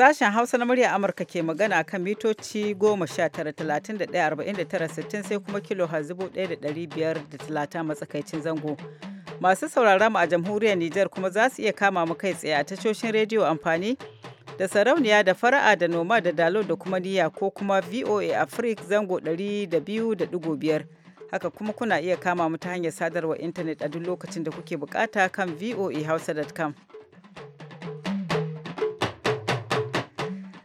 Sashen Hausa na murya Amurka ke magana kan mitoci 19,31,49,60 sai kuma kilo da 1,530 matsakaicin zango. Masu sauraron mu a jamhuriyar Nijar kuma za su iya kama mu kai tsaye a tashoshin rediyo amfani da sarauniya da fara'a da noma da dalo da kuma niyya ko kuma VOA Africa zango 200.5 haka kuma kuna iya kama mu ta hanyar sadarwar intanet a duk lokacin da kuke bukata kan voahausa.com.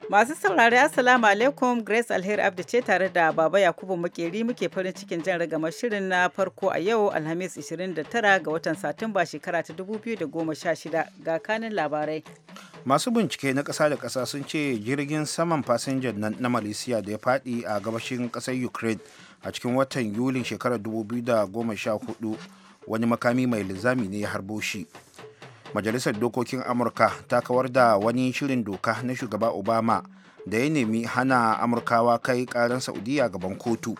Masu saurari Assalamu alaikum Grace Alheri Abdu ce tare da Baba Yakubu Makeri muke farin cikin jan ragamar shirin na farko a yau Alhamis 29 ga watan Satumba shekara ta 2016 ga kanin labarai. Masu bincike na kasa da kasa sun ce jirgin saman fasinjan na, na Malaysia da ya faɗi a gabashin ƙasar Ukraine a cikin watan Yulin shekarar 2014 wani makami mai linzami ne ya harbo shi. majalisar dokokin amurka ta kawar da wani shirin doka na shugaba obama da ya nemi hana amurkawa kai karan saudiya gaban kotu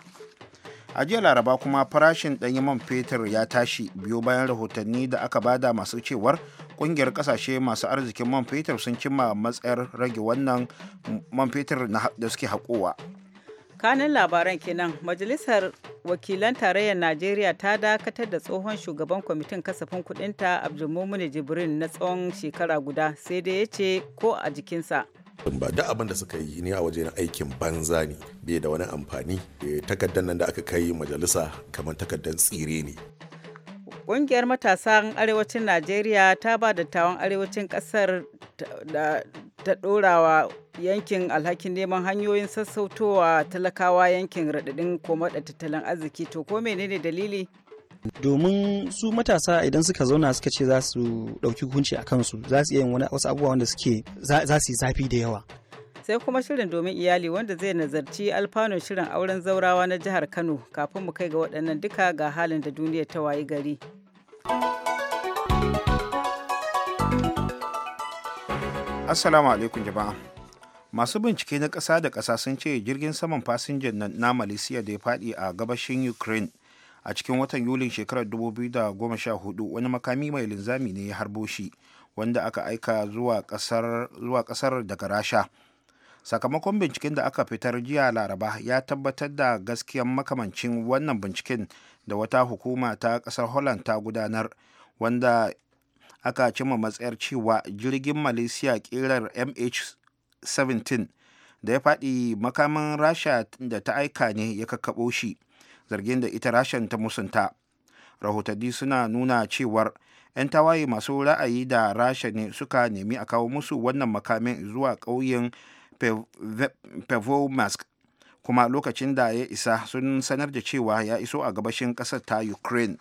a jiya laraba kuma farashin ɗanyen man fetur ya tashi biyo bayan rahotanni da aka bada masu cewar kungiyar kasashe masu arzikin man fetur sun cimma matsayar rage wannan man fetur da suke haƙowa. kanin labaran kenan majalisar wakilan tarayyar najeriya ta dakatar da tsohon shugaban kwamitin kasafin kudinta abdulmumuni jibrin na tsawon shekara guda sai dai ya ce ko a jikinsa ba duk abin da suka yi ne a wajen aikin banza ne bai da wani amfani eh, takardar nan da aka kai majalisa kamar takardar tsire ne Ƙungiyar matasan Arewacin Najeriya ta ba dattawan Arewacin ƙasar ta ɗorawa yankin alhakin neman hanyoyin sassautowa talakawa yankin raɗaɗin koma da tattalin arziki to ko menene dalili? domin su matasa idan suka zauna suka ce za su ɗauki hukunci a kansu za su iya yin wani wasu abubuwa wanda suke za su yi zafi da yawa sai kuma shirin domin iyali wanda zai nazarci alfanun shirin auren zaurawa na jihar Kano kafin mu kai ga waɗannan duka ga halin da duniya ta wayi gari. Assalamu alaikum jama'a. Masu bincike na ƙasa da ƙasa sun ce jirgin saman fasinjan na Malaysia da ya faɗi a gabashin Ukraine a cikin watan Yulin shekarar 2014 wani makami mai linzami ne ya harbo shi wanda aka aika zuwa ƙasar daga Rasha. sakamakon binciken da aka fitar jiya laraba ya tabbatar da gaskiyan makamancin wannan binciken da wata hukuma ta kasar holland ta gudanar wanda aka cimma matsayar cewa jirgin malaysia kirar mh17 da ya faɗi makamin rasha da ta aika ne ya kakkaɓo shi zargin da ita rashan ta musunta rahotanni suna nuna cewar 'yan tawaye masu ra'ayi da rasha ne suka nemi a kawo musu wannan makamin zuwa ƙauyen Pervomask kuma lokacin da ya isa sun sanar da cewa ya iso a gabashin ƙasar ta Ukraine.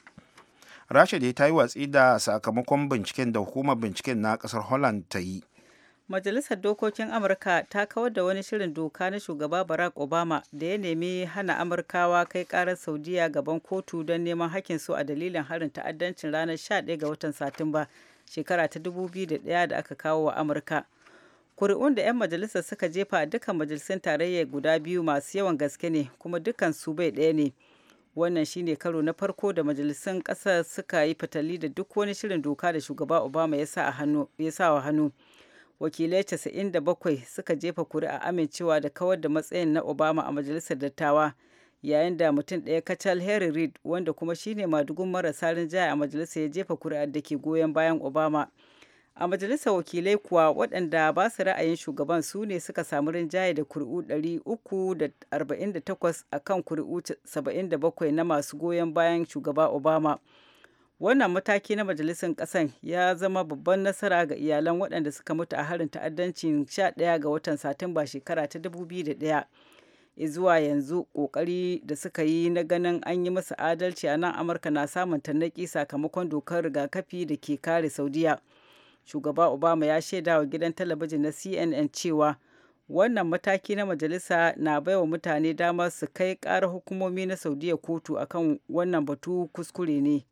Rasha dai ta yi watsi da sakamakon binciken da hukumar binciken na ƙasar Holland ta yi. Majalisar Dokokin Amurka ta kawar da wani shirin doka na shugaba Barack Obama da ya nemi hana Amurkawa kai karar Saudiya gaban kotu don neman hakkin su a dalilin harin ta'addancin ranar 11 ga watan Satumba shekara ta 2001 da aka kawo wa Amurka. kuri'un da 'yan majalisar suka jefa a dukkan majalisun tarayya guda biyu masu yawan gaske ne kuma dukkan su bai ɗaya ne wannan shine karo na farko da majalisun ƙasar suka yi fatali da duk wani shirin doka da shugaba obama ya sa wa hannu wakilai 97 suka jefa kuri'a amincewa da kawar da matsayin na obama a majalisar dattawa yayin da mutum ɗaya kacal harry reid wanda kuma shine madugun marasa rinjaya a majalisar ya jefa kuri'ar da ke goyon bayan obama a majalisar wakilai kuwa waɗanda ba su ra'ayin shugaban su ne suka samu rinjaye da kuri'u 348 a kan kuri'u 77 na masu goyon bayan shugaba obama wannan mataki na majalisar ƙasan ya zama babban nasara ga iyalan waɗanda suka mutu a harin ta'addancin 11 ga watan satumba shekara ta 2001 zuwa yanzu kokari da suka yi na ganin an yi masa adalci a nan amurka na samun tannaki sakamakon dokar rigakafi da ke kare saudiya shugaba obama ya shaida wa gidan talabijin na cnn cewa wannan mataki na majalisa na baiwa mutane damar su kai ƙara hukumomi na saudiya kotu akan wannan batu kuskure ne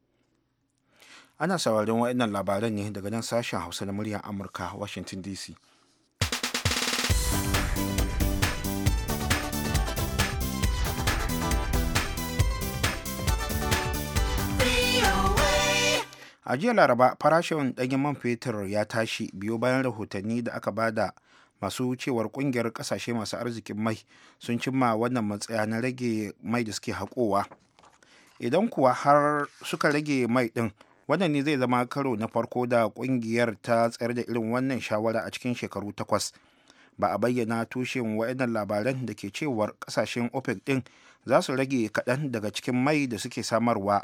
ana sauraron waɗannan labaran ne daga nan sashen hausa na muryar amurka washington dc a jiya laraba farashin ɗanyen man fetur ya tashi biyo bayan rahotanni da aka ba da masu cewar kungiyar kasashe masu arzikin mai sun cimma wannan matsaya na rage mai da suke haƙowa idan kuwa har suka rage mai ɗin wannan ne zai zama karo na farko da kungiyar ta tsayar da irin wannan shawara a cikin shekaru takwas ba a bayyana tushen wa'annan labaran da ke cewar kasashen opec ɗin za su rage kaɗan daga cikin mai da suke samarwa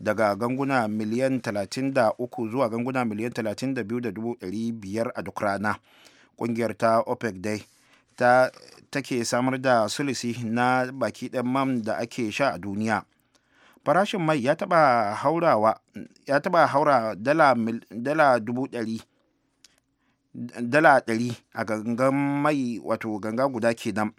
daga ganguna miliyan 33 zuwa ganguna miliyan 32,500 a duk rana ƙungiyar ta opec dai ta take samar da sulisi na baki ɗan mam da ake sha a duniya farashin mai ya taba haura dala dala dubu ɗari dala ɗari a gangan mai wato ganga guda kenan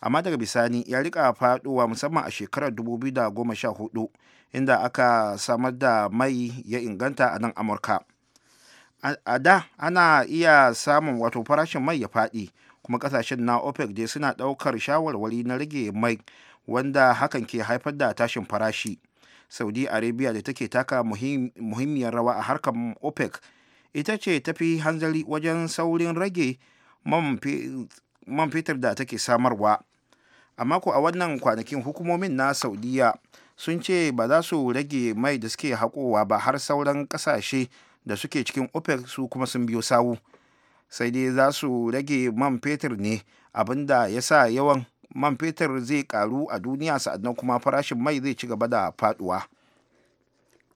amma daga bisani ya rika faɗowa musamman a shekarar 2014 inda aka samar da mai ya inganta a nan amurka a da ana iya samun wato farashin mai ya faɗi kuma kasashen na opec dai suna ɗaukar shawarwari na rage mai wanda hakan ke haifar da tashin farashi saudi arabia da take taka muhimmiyar rawa a harkar opec ita ce tafi hanzari wajen saurin rage man fetur da take samarwa a mako a wannan kwanakin hukumomin na saudiya sun ce ba za su rage mai da suke haƙowa ba har sauran ƙasashe da suke cikin opec su kuma sun biyo sawu sai dai za su rage man fetur ne abinda ya sa yawan man fetur zai karu a duniya sa'adna kuma farashin mai zai ci gaba da faduwa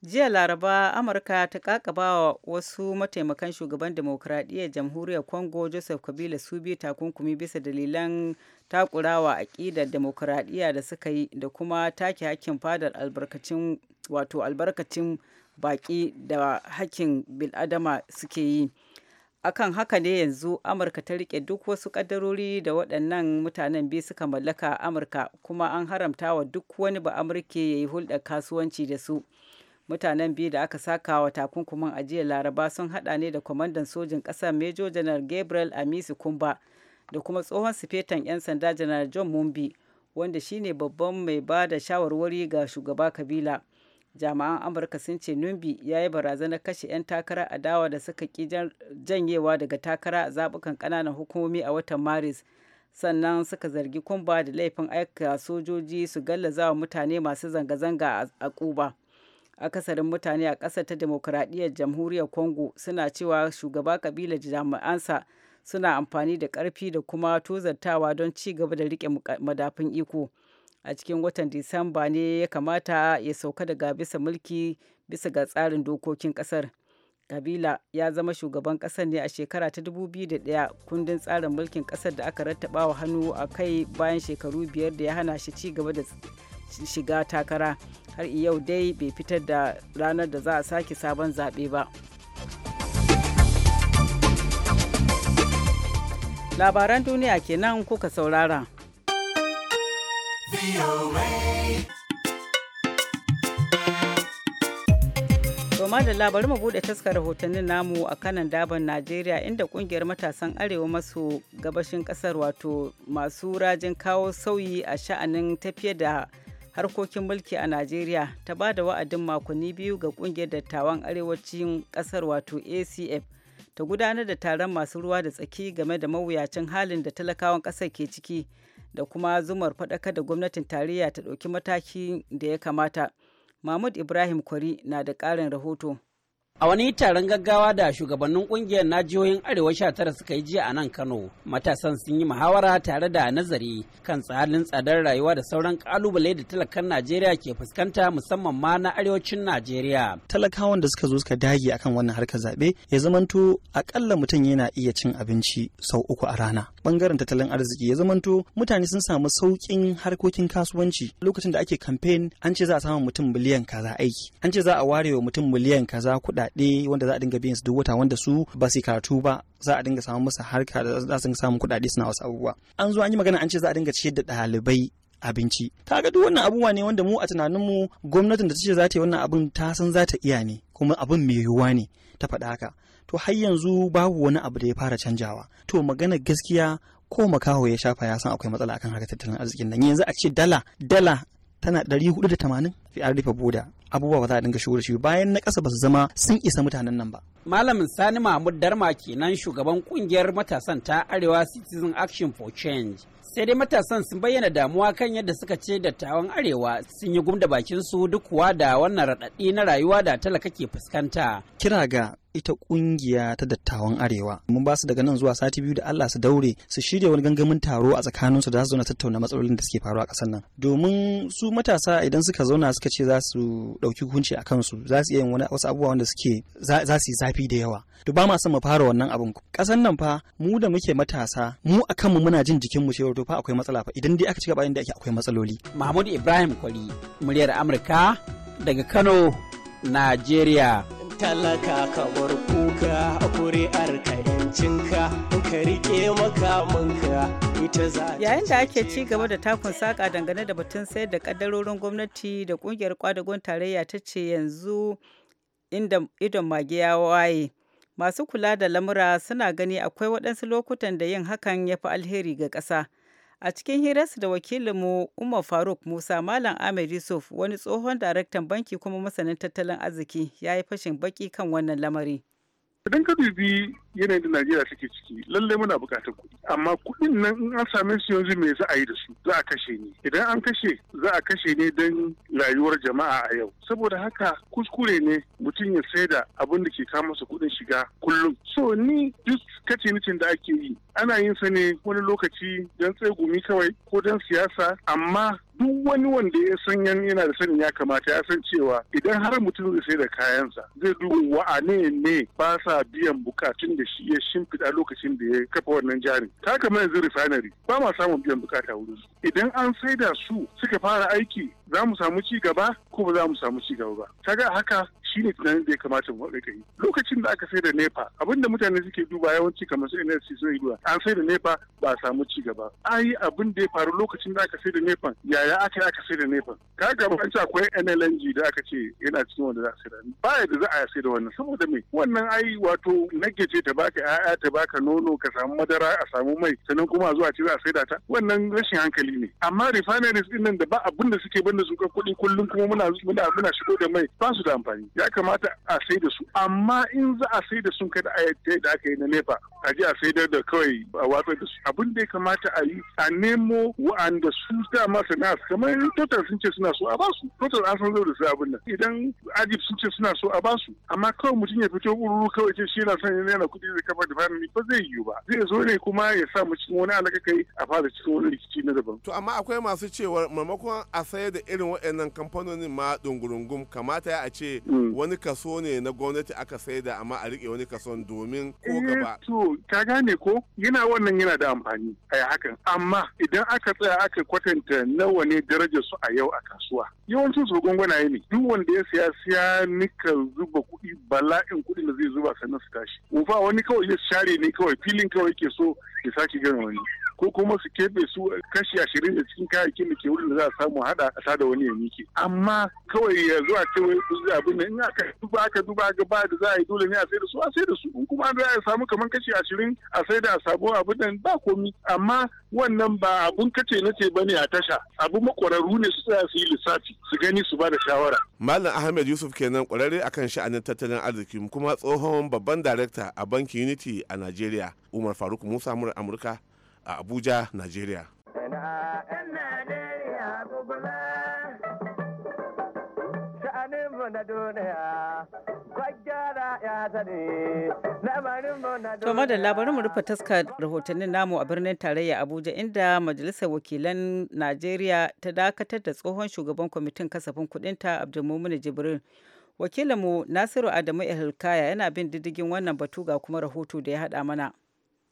jiya laraba amurka ta kakaba wasu mataimakan shugaban demokradiyyar jamhuriyar congo joseph kabila su biyu takunkumi bisa dalilan takurawa aƙidar demokradiyya da suka yi da kuma take hakkin fadar albarkacin wato albarkacin baƙi da hakkin biladama suke yi akan haka ne yanzu amurka ta rike duk wasu ƙaddarori da waɗannan mutanen biyu suka mallaka amurka kuma an haramta wa duk wani ba amurke ya yi hulɗar kasuwanci da su mutanen biyu da aka saka wa takunkumin ajiyar laraba sun hada ne da kwamandan sojin ƙasa major janar gabriel amisi kumba da kuma tsohon sifetan 'yan sanda janar john mumbi wanda shine babban mai ba da shawarwari ga shugaba kabila jami'an amurka sun ce numbi ya yi barazanar kashe 'yan takara a adawa da suka ki janyewa daga takara a zabukan kananan hukumomi a watan maris sannan suka zargi kumba da laifin aika sojoji su gallaza wa mutane masu zanga-zanga a kuba. akasarin mutane a ƙasar ta demokuraɗiyyar jamhuriyar congo suna cewa shugaba kabila jami'ansa suna amfani da ƙarfi da kuma tozartawa don ci gaba da riƙe madafin iko a cikin watan disamba ne ya kamata ya sauka daga bisa mulki bisa ga tsarin dokokin ƙasar kabila ya zama shugaban ƙasar ne a shekara ta 2001 kundin tsarin mulkin ƙasar da aka rattaba wa hannu a kai bayan shekaru biyar da ya hana shi ci gaba da shiga takara har yau dai bai fitar da ranar da za a sake sabon zaɓe ba labaran duniya kenan kuka saurara Goma da labarin mu bude taskar rahotannin namu a kanan daban Najeriya inda kungiyar matasan arewa maso gabashin kasar wato masu rajin kawo sauyi a sha'anin tafiyar da harkokin mulki a Najeriya ta ba da wa'adin makonni biyu ga kungiyar dattawan arewacin kasar wato ACF ta gudanar da taron masu ruwa da tsaki game da mawuyacin halin da talakawan kasar ke ciki da kuma zumar faɗaka da gwamnatin tarayya ta ɗauki matakin da ya kamata. Mahmud Ibrahim Kwari na da ƙarin rahoto. A wani taron gaggawa da shugabannin kungiyar najiyoyin Arewa 19 suka yi jiya a nan Kano, matasan sun yi muhawara tare da nazari kan tsarin tsadar rayuwa da sauran kalubale da talakan Najeriya ke fuskanta musamman ma na arewacin Najeriya. Talakawan da suka zo suka dage akan wannan harkar zaɓe ya zamanto akalla mutum yana iya cin abinci sau uku a rana. Bangaren tattalin arziki ya zamanto mutane sun samu sauƙin harkokin kasuwanci lokacin da ake kamfen an ce za a samu mutum miliyan kaza aiki an ce za a ware wa mutum miliyan kaza kuɗa kuɗaɗe wanda za a dinga biyan su duk wata wanda su ba su karatu ba za a dinga samun masa harka da za su samu kuɗaɗe suna wasu abubuwa an zo an yi magana an ce za a dinga ciyar da ɗalibai abinci ta ga duk wannan abubuwa ne wanda mu a tunanin mu gwamnatin da ta ce za ta yi wannan abin ta san za ta iya ne kuma abin mai yiwuwa ne ta faɗa haka to har yanzu babu wani abu da ya fara canjawa to magana gaskiya ko makaho ya shafa ya san akwai matsala akan harkar tattalin arzikin nan yanzu a ce dala dala tana 480 fi an rufe boda abubuwa ba za a dinga shigo da shi bayan na ƙasa ba su zama sun isa mutanen nan ba. Malamin Sani Mahmud Darma kenan shugaban kungiyar matasan ta Arewa Citizen Action for Change. Sai dai matasan sun bayyana damuwa kan yadda suka ce dattawan Arewa sun yi gumda bakin su duk kuwa da wannan raɗaɗi na rayuwa da talaka ke fuskanta. Kira ga ita kungiya ta dattawan arewa mun ba su daga nan zuwa sati biyu da Allah su daure su shirya wani gangamin taro a tsakanin su da su zauna tattauna matsalolin da suke faruwa a kasar nan domin su matasa idan suka zauna suka ce za su ɗauki hukunci a kansu za su iya yin wani wasu abubuwa wanda suke za su yi zafi da yawa to ba ma son mu fara wannan abin kasan nan fa mu da muke matasa mu a kanmu muna jin jikin mu cewa to fa akwai matsala fa idan dai aka ci gaba da ake akwai matsaloli Mahmud Ibrahim Kwali muryar Amurka daga Kano Najeriya talaka ka bar kuka kuri'ar ka yancinka in ka rike makamanka ita za yayin da ake ci gaba da takun saka dangane da batun sayar da ƙaddarorin gwamnati da kungiyar kwadagon tarayya ta ce yanzu inda idon mage ya waye masu kula da lamura suna gani akwai waɗansu lokutan da yin hakan ya fi alheri ga ƙasa. A cikin hirarsa da wakilinmu Umar Faruk Musa, Malam Ahmed Yusuf, wani tsohon daraktan banki kuma masanin tattalin arziki, ya yi fashin baki kan wannan lamari. Idan ka dubi yanayin da Najeriya take ciki lallai muna buƙatar kuɗi amma kuɗin nan in an same su yanzu me za a yi da su za a kashe ni idan an kashe za a kashe ne don rayuwar jama'a a yau saboda haka kuskure ne mutum ya saida abin da ke kama su kuɗin shiga kullum so ni duk kace nicin da ake yi ana yin sa ne wani lokaci don tsegumi kawai ko don siyasa amma duk wani wanda ya san yana da sanin ya kamata ya san cewa idan har mutum zai sai da kayansa zai duba wa'ane ne ba sa biyan bukatun da shi ya shimfiɗa lokacin da ya kafa wannan jarin ta kamar yanzu refinery ba ma samun biyan bukata wurin idan an saida su suka fara aiki za mu samu ci gaba ko ba za mu samu ci gaba ba kaga haka shine tunanin da ya kamata mu haɗa yi lokacin da aka sai da nepa abinda mutane suke duba yawanci kamar su NSC sun duba an sai da nepa ba a samu ci gaba ai abin da ya faru lokacin da aka sai da nepa yaya aka yi aka sai da nepa Ka ba an ci akwai NLNG da aka ce yana cikin wanda za a sai da ba yadda za a sai da wannan saboda me wannan ai wato nagaje ta baka ya'ya ta baka nono ka samu madara a samu mai sannan kuma a zuwa ce za a sai da ta wannan rashin hankali ne amma refineries din nan da ba abin suke da kuɗi kullum kuma muna muna muna shigo da mai ba su da amfani ya kamata a sai da su amma in za a sai da sun kada a da aka yi na nefa a je a saidar da kawai a watsar da su abin da ya kamata a yi a nemo wa'anda su dama sana'a kamar total sun ce suna so a ba su total an san zai da su abin nan idan ajib sun ce suna so a ba su amma kawai mutum ya fito ururu kawai ce shi yana son yana kuɗi zai kafa da ba zai yiwu ba zai zo ne kuma ya sa mu cikin wani alaƙa kai a fara cikin wani rikici na daban. to amma akwai masu cewa maimakon a sayar da irin waɗannan kamfanonin ma ɗungurungum kamata a ce mm. wani kaso ne na gwamnati aka saida amma a riƙe wani kason domin ko eh, gaba. to ka gane ko yana wannan yana da amfani a hakan amma idan aka tsaya aka kwatanta nawa ne darajar su a yau a kasuwa yawancin su gwangwanaye ne duk wanda ya siya siya nika zuba kuɗi bala'in kuɗin da zai zuba sannan su tashi. fa wani kawai ya share ne kawai filin kawai ke so ya sake gana wani. ko kuma su kebe su kashi ashirin da cikin kayayyakin da ke wurin da za a samu hada a sada wani ya miki amma kawai ya zuwa ce wai abin nan in aka duba aka duba ga ba da za a yi dole ne a sai da su a sai da su in kuma za a samu kamar kashi ashirin a sai da a samu abin nan ba komi amma wannan ba abun kace na ce bane a tasha abu makwararru ne su tsaya su yi lissafi su gani su ba da shawara Mallam ahmed yusuf kenan kwararre akan sha'anin tattalin arziki kuma tsohon babban darekta a bankin unity a nigeria umar faruk musa murar amurka a Abuja, nigeria. To madalla bari mu rufe taska rahotannin namu a birnin tarayya Abuja inda Majalisar Wakilan Najeriya ta dakatar da tsohon shugaban kwamitin kasafin kudinta Abdulmumin Jibril. Wakilinmu Nasiru Adamu Ihilkaya yana bin diddigin wannan batu ga kuma rahoto da ya haɗa mana.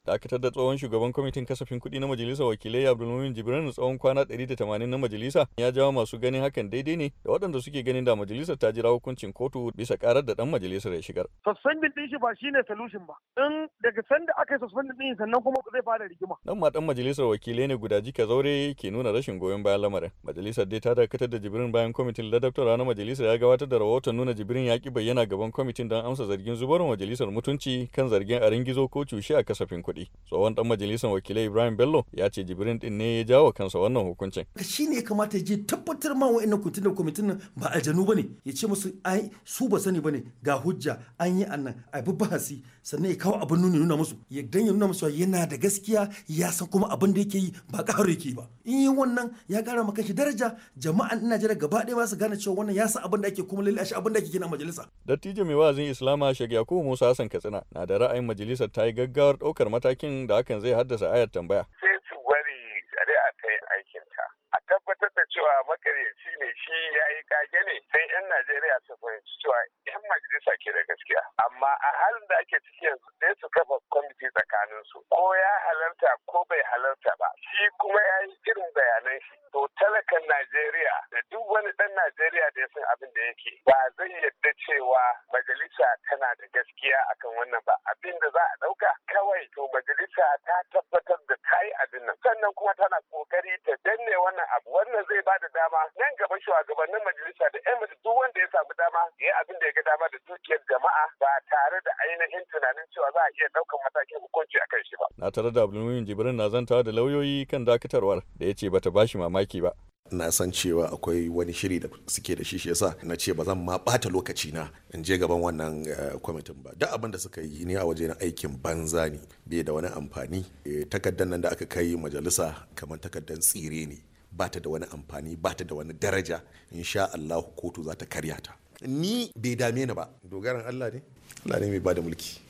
dakatar da tsohon shugaban kwamitin kasafin kuɗi na majalisar wakilai abdulmumin jibrin tsawon kwana 180 na majalisa ya jawo masu ganin hakan daidai ne da waɗanda suke ganin da majalisar ta jira hukuncin kotu bisa karar da dan majalisar ya shigar. suspendin ɗin shi ba shine solution ba in daga sanda aka yi suspendin din sannan kuma zai fara rigima. dan ma dan majalisar wakilai ne guda jika zaure ke nuna rashin goyon bayan lamarin majalisar dai ta dakatar da jibrin bayan kwamitin ladabtarwa na majalisar ya gabatar da rahoton nuna jibrin ya ki bayyana gaban kwamitin don amsa zargin zubarwa majalisar mutunci kan zargin a ringizo ko cushe a kasafin kuɗi. kuɗi tsohon dan majalisar wakilai ibrahim bello ya ce jibrin din ne ya jawo kansa wannan hukuncin shi ne ya kamata ya je tabbatar ma wa'annan kwamitin da kwamitin nan ba aljanu bane ya ce musu ai su ba sani bane ga hujja an yi annan a bi bahasi sannan ya kawo abin nuni nuna musu ya dan ya nuna musu yana da gaskiya ya san kuma abin da yake yi ba ƙaro yake ba in yi wannan ya ƙara maka shi daraja jama'an Najeriya gaba ɗaya ba su gane cewa wannan ya san abin da ake kuma lalle shi abin da ake gina majalisa dattijo mai wa'azin islama shek ko musa hasan katsina na da ra'ayin majalisar ta yi gaggawar ɗaukar matakin da hakan zai haddasa ayar tambaya. Sai su bari a ta aikin ta. A tabbatar da cewa makaryaci ne shi ya yi kage ne sai 'yan Najeriya su fahimci cewa 'yan majalisa ke da gaskiya amma a halin da ake ciki yanzu dai su kafa kwamiti tsakanin su ko ya halarta ko bai halarta ba shi kuma ya yi irin bayanan shi to talakan najeriya da duk wani ɗan najeriya da ya san abin da yake ba zai yadda cewa majalisa tana da gaskiya akan wannan ba abin da za a ɗauka kawai to majalisa ta tabbatar da ta yi abin nan sannan kuma tana kokari ta danne wannan abu wannan zai ba da dama nan gaba shugabannin majalisa da majalisa duk wanda ya samu dama ya yi abin da ya ga dama da dukiyar jama'a ba tare da ainihin tunanin cewa za a iya ɗaukan matakin hukunci a kan shi ba. Na tare da Abdulmumin Jibrin na zantawa da lauyoyi kan dakatarwar da ya ce bata bashi mamaki ba. na san cewa akwai wani shiri da suke da shi shi yasa na ce ba zan ma bata lokaci na in je gaban wannan eh, kwamitin ba duk abin da suka yi ne a waje na aikin banza ne bai da wani amfani eh, takardar nan da aka kai majalisa kamar takardar tsire ne bata da wani amfani bata da wani daraja insha Allah kotu za ta karya ta ni bai dame ni ba dogaran Allah ne Allah ne mai bada mulki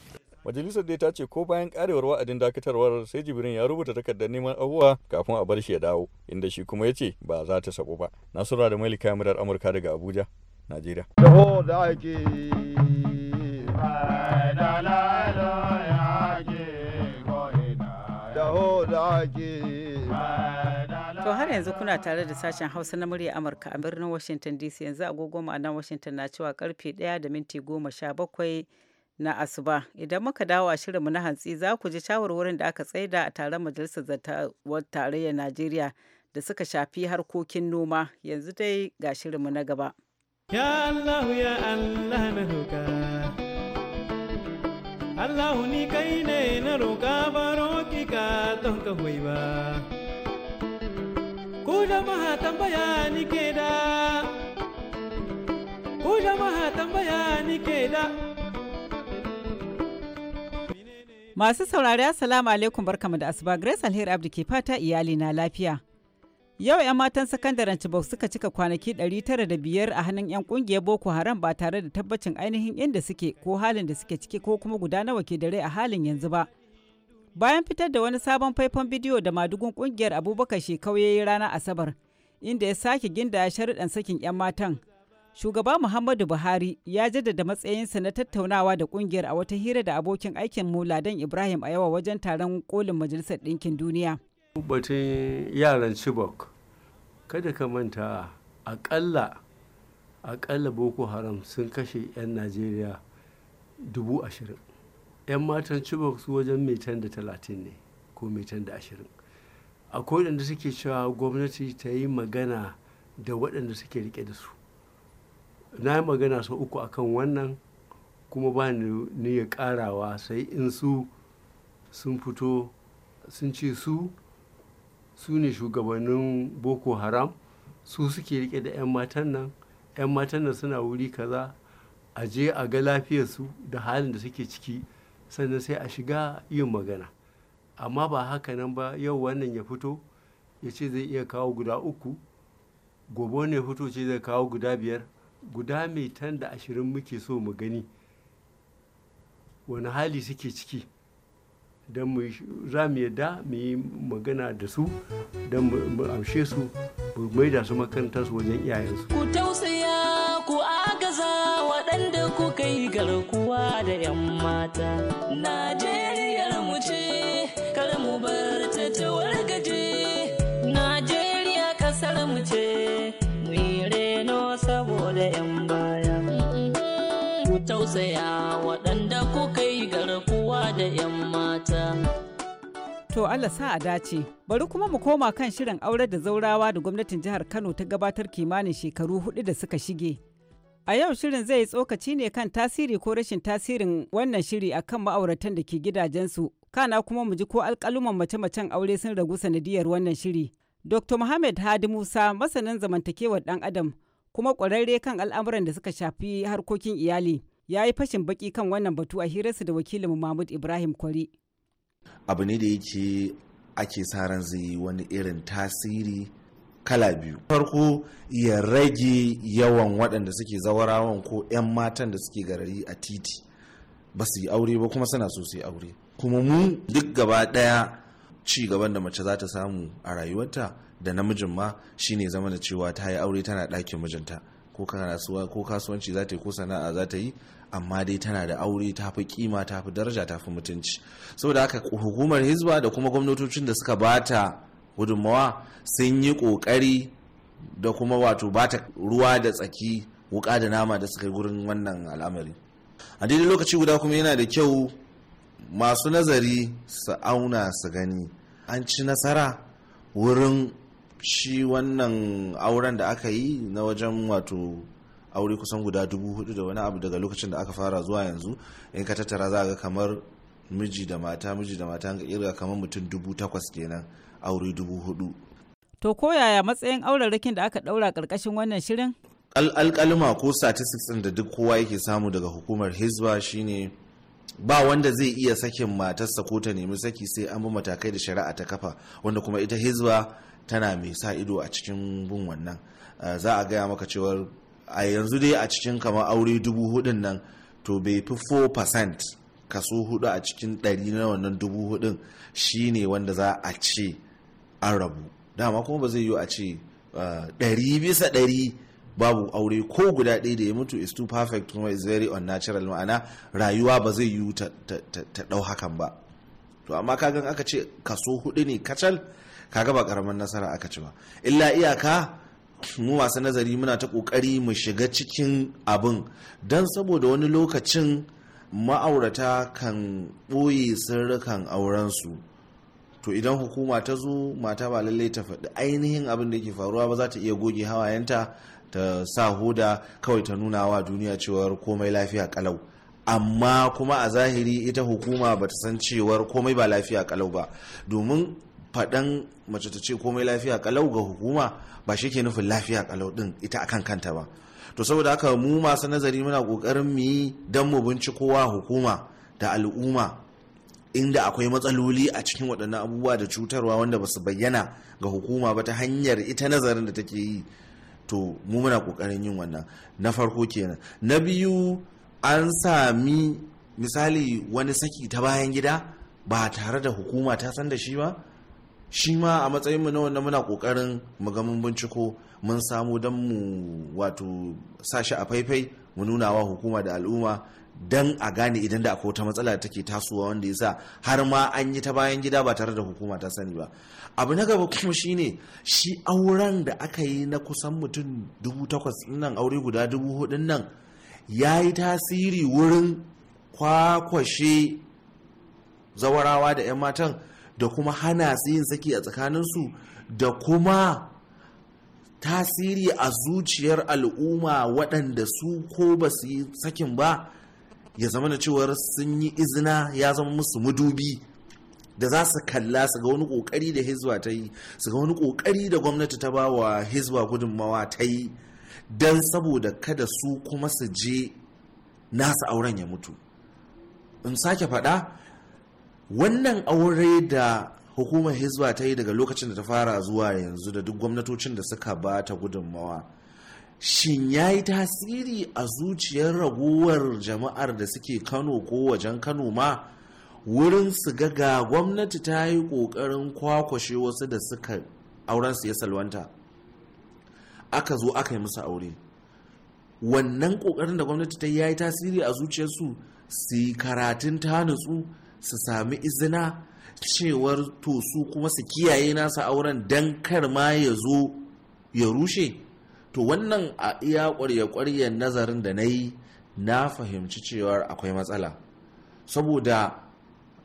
majalisar dai ta ce ko bayan karewar wa'adin dakatarwar sai jibrin ya rubuta takardar neman abubuwa kafin a bar shi ya dawo inda shi kuma ya ce ba za ta sabu ba nasura da malika kamilar amurka daga abuja najeriya da To har yanzu kuna tare da sashen Hausa na murya Amurka a birnin Washington DC yanzu agogo ma'anar Washington na cewa karfe 1 da minti 17 na asuba. Idan muka dawo a shirinmu na hantsi za ku ji shawarwarin da aka tsaida a taron Majalisar Zartawar Tarayyar Najeriya da suka shafi harkokin noma. Yanzu dai ga shirinmu na gaba. Ya Allah ni kai ne na roka baro ki ka don ka Masu saurari Assalamu alaikum barkamu da asuba Grace Alheri Abdi ke fata iyali na lafiya. Yau 'yan matan sakandaren Chibok suka cika kwanaki 905 a hannun 'yan kungiyar Boko Haram ba tare da tabbacin ainihin inda suke ko halin da suke ciki ko kuma guda nawa ke da rai a halin yanzu ba. bayan fitar da wani sabon faifan bidiyo da madugun kungiyar abubakar shekau ya yi ranar asabar inda ya sake ginda sharuɗan sakin 'yan matan shugaba muhammadu buhari ya jaddada matsayinsa na tattaunawa da kungiyar a wata hira da abokin aikin muladan ibrahim a yawa wajen taron kolin majalisar ɗinkin duniya batun yaran chibok kada ka manta akalla akalla boko haram sun kashe 'yan najeriya dubu ashirin 'yan matan chibok su wajen mitan da talatin ne ko mitan da ashirin akwai waɗanda suke cewa gwamnati ta yi magana da waɗanda suke rike da su na yi magana sau uku akan wannan kuma ba ni ya ƙarawa sai in su sun fito sun ce su su ne shugabannin boko haram su suke riƙe da 'yan matan nan 'yan matan nan suna wuri kaza a je a ga lafiyarsu da halin da suke ciki sannan sai a shiga yin magana amma ba haka nan ba yau wannan ya fito ya ce zai iya kawo guda uku gobe ne fito ce zai kawo guda biyar guda mai tan da ashirin muke so mu gani wani hali suke ciki don mu za mu yadda mu yi magana da su don mu amshe su mu da su makarantarsu wajen iyayensu ku tausaya ku agaza waɗanda ku kai garku da 'yan mata. Najeriyar mu ce, kar mu bar ta ta wargaje. Najeriya kasar mu ce, mu yi reno saboda 'yan baya. Ku tausaya waɗanda kuka yi garkuwa da 'yan mata. To Allah sa a dace. Bari kuma mu koma kan shirin aure da zaurawa da gwamnatin jihar Kano ta gabatar kimanin shekaru hudu da suka shige. A yau shirin zai tsokaci ne kan tasiri ko rashin tasirin wannan shiri akan ma'auratan da ke gidajensu. Kana kuma mu ji ko alƙaluman mace-macen aure sun ragu sanadiyar wannan shiri. Dr. Muhammad Hadi Musa masanin zamantakewar ɗan Adam kuma ƙwararre kan al'amuran da suka shafi harkokin iyali ya yi fashin baki kan wannan batu a hirarsa da wakilin Mahmud Ibrahim Kwari. Abu ne da yake ake sa ran zai yi wani irin tasiri kala biyu farko ya rage yawan waɗanda suke zawarawan ko 'yan matan da suke garari a titi ba su yi aure ba kuma suna so su yi aure kuma mu duk gaba ɗaya ci gaban da mace za ta samu a rayuwarta da namijin ma shine zama da cewa ta yi aure tana ɗakin mijinta ko kasuwa ko kasuwanci za ta yi ko sana'a za ta yi amma dai tana da aure ta fi kima ta fi daraja ta fi mutunci saboda haka hukumar hizba da kuma gwamnatocin da suka bata gudunmawa sun yi ƙoƙari da kuma wato ba ruwa da tsaki wuƙa da nama da suka yi gurin wannan al'amari a daidai lokaci guda kuma yana da kyau masu nazari su auna su gani an ci nasara wurin shi wannan auren da aka yi na wajen wato aure kusan guda dubu hudu da wani abu daga lokacin da aka fara zuwa yanzu in ka tattara za ga kamar miji da mata miji da mata ga kamar mutum dubu takwas kenan aure dubu hudu. To koyaya matsayin rikin da aka ɗaura karkashin wannan shirin? alƙalima ko statistics ɗin da duk kowa yake samu daga hukumar hizba shine ba wanda zai iya sakin matarsa ko ta nemi saki sai an bi matakai da shari'a ta kafa wanda kuma ita hizba tana mai sa ido a cikin bin wannan eh, za a gaya maka cewar a yanzu dai a cikin kamar aure dubu hudun nan to bai fi 4% kaso hudu a cikin ɗari na wannan dubu hudun shine wanda za a ce an rabu dama kuma ba zai yiwu a ce uh, ɗari bisa ɗari babu aure ko guda ɗaya da ya mutu is too perfect kuma is very unnatural ma'ana rayuwa ba zai yiwu ta ɗau hakan ba to amma kagan aka ce kaso hudu ne kacal kaga ba karamin nasara aka ci ba illa iyaka mu masu nazari muna ta kokari mu shiga cikin abin don saboda wani lokacin ma'aurata kan ɓoye sirrikan aurensu to idan hukuma ta zo mata ba lallai ta faɗi ainihin abin da ke faruwa ba za ta iya goge hawayenta ta sa hoda kawai ta nuna wa duniya cewar komai lafiya kalau amma kuma a zahiri ita hukuma ba ta san cewar komai ba lafiya kalau ba domin faɗan mace ta ce komai lafiya kalau ga hukuma ba shi ke nufin lafiya kalau ɗin ita akan kanta ba to saboda haka mu masu nazari muna ƙoƙarin mu yi don mu wa hukuma da al'umma inda akwai matsaloli a cikin waɗannan abubuwa da cutarwa wanda ba su bayyana ga hukuma ba ta hanyar ita nazarin da take yi to mu muna ƙoƙarin yin wannan na farko kenan na biyu an sami misali wani saki ta bayan gida ba tare da hukuma ta san da shi ba shi ma a matsayin mu na wannan muna kokarin mu ga mun binciko mun samu don mu wato shi a faifai mu nuna wa hukuma da al'umma don a gane idan da akwai wata matsala da take tasowa wanda ya sa har ma an yi ta bayan gida ba tare da hukuma ta sani ba abu na gaba kuma shine shi auren da aka yi na kusan mutum dubu takwas nan aure guda dubu hudun nan ya yi tasiri wurin kwakwashe zawarawa da 'yan matan da kuma hana su yin saki a tsakaninsu da kuma tasiri a zuciyar al'umma waɗanda su ko ba su yi sakin ba ya zama da cewar sun yi izina ya zama musu madubi da za su kalla su ga wani kokari da hizba ta yi su ga wani kokari da gwamnati ta ba wa hizba gudunmawa ta yi don saboda kada su kuma su je nasu auren ya mutu in sake faɗa wannan aure da hukumar hizba ta yi daga lokacin da ta fara zuwa yanzu da duk gwamnatocin da suka ba ta gudunmawa shin ya yi tasiri a zuciyar ragowar jama'ar da suke kano ko wajen kano ma wurin su ga gwamnati ta yi ƙoƙarin kwakwashe wasu da suka auren su ya salwanta aka zo aka yi musu aure wannan ƙoƙarin da gwamnati ta yi tasiri a zuciyarsu su yi karatun ta nutsu su sami izina cewar to su kuma su kiyaye nasa auren don kar ma ya zo ya rushe to wannan a iya ƙwarya-ƙwaryen nazarin da na yi na fahimci cewar akwai matsala saboda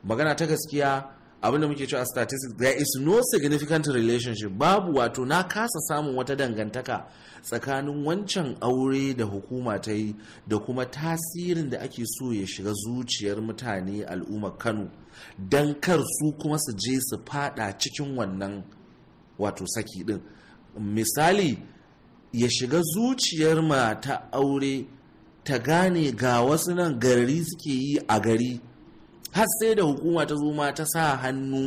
magana ta gaskiya abinda muke cewa statistics there is no significant relationship babu wato na kasa samun wata dangantaka tsakanin wancan aure da hukuma ta yi da kuma tasirin da ake so ya shiga zuciyar mutane al'ummar kano don kar su kuma su je su fada cikin wannan wato saki din misali ya shiga zuciyar mata aure ta gane ga wasu nan gari suke yi a gari har sai da hukuma ta zo ma ta sa hannu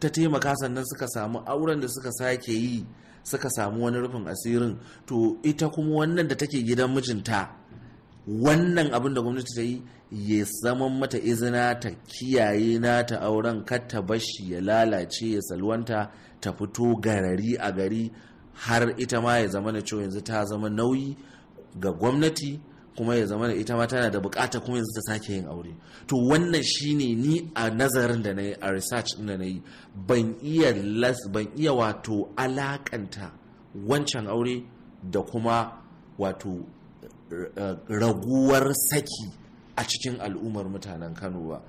ta taimaka sannan suka samu auren da suka sake yi suka samu wani rufin asirin to ita kuma wannan da take gidan mijinta wannan abin da gwamnati ta yi ya zama mata izina ta kiyaye ta auren kar ta bashi ya lalace ya salwanta ta fito garari a gari har ita ma ya zama da cewa yanzu ta zama nauyi ga gwamnati kuma ya zama da ita ma tana da bukata kuma yanzu ta sake yin aure to wannan shine ni a nazarin da na yi a research da na yi ban iya ban iya wato alakanta wancan aure da kuma wato eh, raguwar saki a cikin al'ummar mutanen kano ba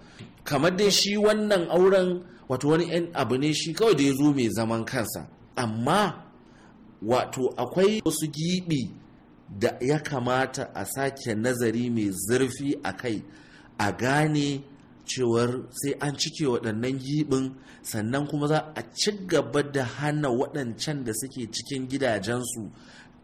kamar dai shi wannan auren wato wani 'yan abu ne shi kawai da ya zo mai zaman kansa amma wato akwai wasu giɓi da ya kamata a sake nazari mai zurfi a kai a gane cewar sai an cike waɗannan giɓin sannan kuma za a ci gaba da hana waɗancan da suke cikin gidajensu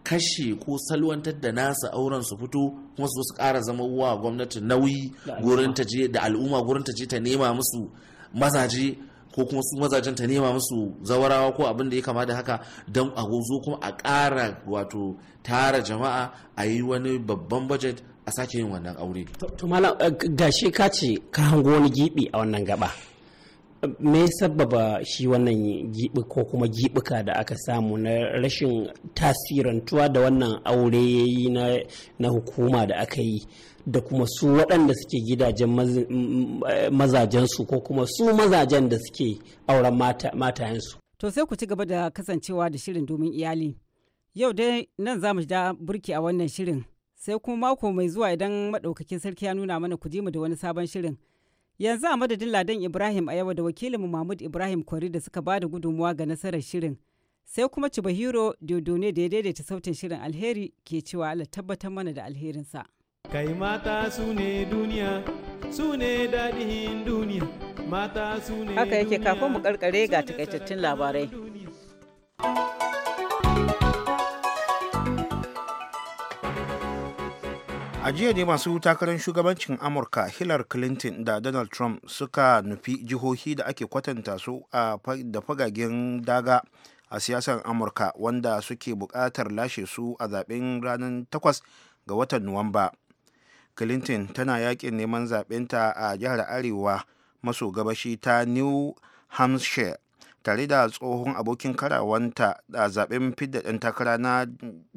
kashe ko salwantar da nasa auren su fito kuma su ƙara zama wa gwamnati nauyi gurin ta je da al'umma gurin ta je ta nema musu mazaje ko kuma su mazajen ta nema musu zawarawa ko abin da ya kama da haka don a zo kuma a ƙara wato tara jama'a a yi wani babban budget a sake yin wannan aure. to malam eh, gashi ka ce ka hango wani gibi a wannan gaba me sababa shi wannan gibi ko kuma giɓuka da aka samu na rashin tasirantuwa da wannan aure yayi na hukuma da aka yi da kuma su waɗanda suke gidajen mazajensu ko kuma su mazajen da suke auren matayensu. To sai ku ci gaba da kasancewa da shirin domin iyali. Yau dai nan za mu da burki a wannan shirin. Sai kuma mako mai zuwa idan maɗaukakin sarki ya nuna mana ku mu da wani sabon shirin. Yanzu a madadin Ladan Ibrahim a yawa da wakilinmu Mahmud Ibrahim Kwari da suka bada gudunmuwa ga nasarar shirin. Sai kuma Cibahiro Dodone da ya daidaita sautin shirin alheri ke cewa Allah tabbatar mana da alherinsa. Kai mata su ne duniya, su ne daɗin duniya, mata su ne Haka yake kafin mu karkare ga takaitattun labarai. a jiya ne masu takarar shugabancin amurka hillary clinton da donald trump suka nufi jihohi da ake kwatanta su a da fagagen daga a siyasar amurka wanda suke buƙatar lashe su a zaben ranar 8 ga watan nuwamba clinton tana yakin neman zaɓenta a jihar arewa maso gabashi ta new hampshire tare da tsohon abokin karawanta a zaɓen fidda ɗan takara na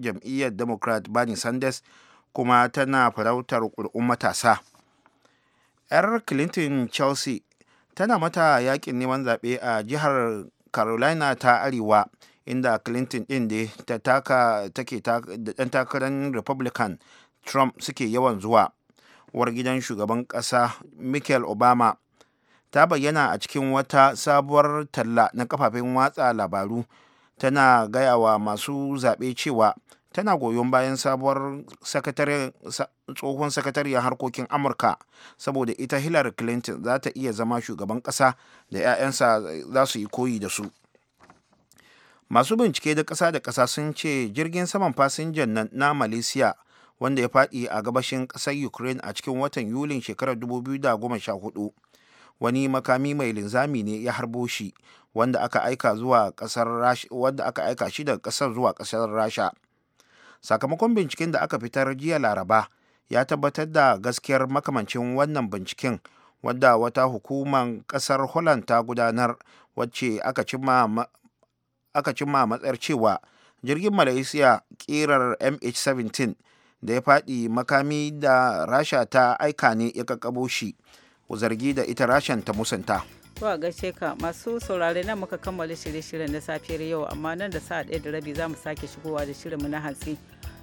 jam'iyyar democrat bernie sanders kuma tana farautar ƙuri'un matasa 'yar clinton chelsea tana mata yakin neman zaɓe a jihar carolina ta arewa inda clinton ɗin da ta taka take da ɗan takarar republican trump suke yawan zuwa uwar gidan shugaban ƙasa michael obama ta bayyana a cikin wata sabuwar talla na kafafen watsa labaru tana gaya wa masu zaɓe cewa tana goyon bayan sabuwar tsohon sakatariyar harkokin amurka saboda ita hillary clinton za ta iya zama shugaban ƙasa da 'ya'yansa za su yi koyi da su masu bincike da ƙasa da ƙasa sun ce jirgin saman fasinjan na malaysia wanda ya faɗi a gabashin ƙasar ukraine a cikin watan yulin shekarar 2014 wani makami mai linzami ne ya harbo shi wanda aka aika zuwa wanda aka aika shi daga ƙasar zuwa ƙasar rasha sakamakon binciken da aka fitar jiya laraba ya tabbatar da gaskiyar makamancin wannan binciken wadda wata hukumar ƙasar holland ta gudanar wacce aka cimma aka matsayar cewa jirgin malaysia ƙirar mh17 da ya faɗi makami da rasha ta aika ne ya kakabo shi ku zargi da ita rashan ta musanta a gaishe ka masu saurare na muka kammala shirye-shiryen na safiyar yau amma nan da sa'a ɗaya da rabi za mu sake shigowa da shirinmu na hantsi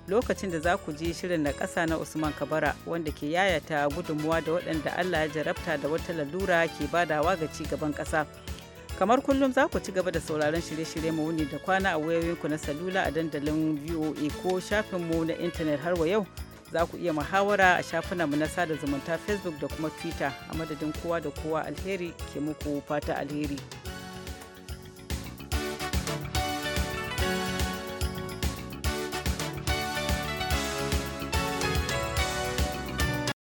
lokacin da za ku ji shirin na ƙasa na usman kabara wanda ke yayata gudunmuwa da waɗanda allah ya jarabta da wata lalura ke badawa ga ci gaban ƙasa. kamar kullum za ku ci gaba da sauraron shirye-shirye mu wuni da kwana a wayoyinku na salula a dandalin voa ko shafinmu na intanet har wa yau za ku iya muhawara a mu na sada zumunta facebook da kuma twitter a madadin kowa da kowa alheri ke muku fata alheri.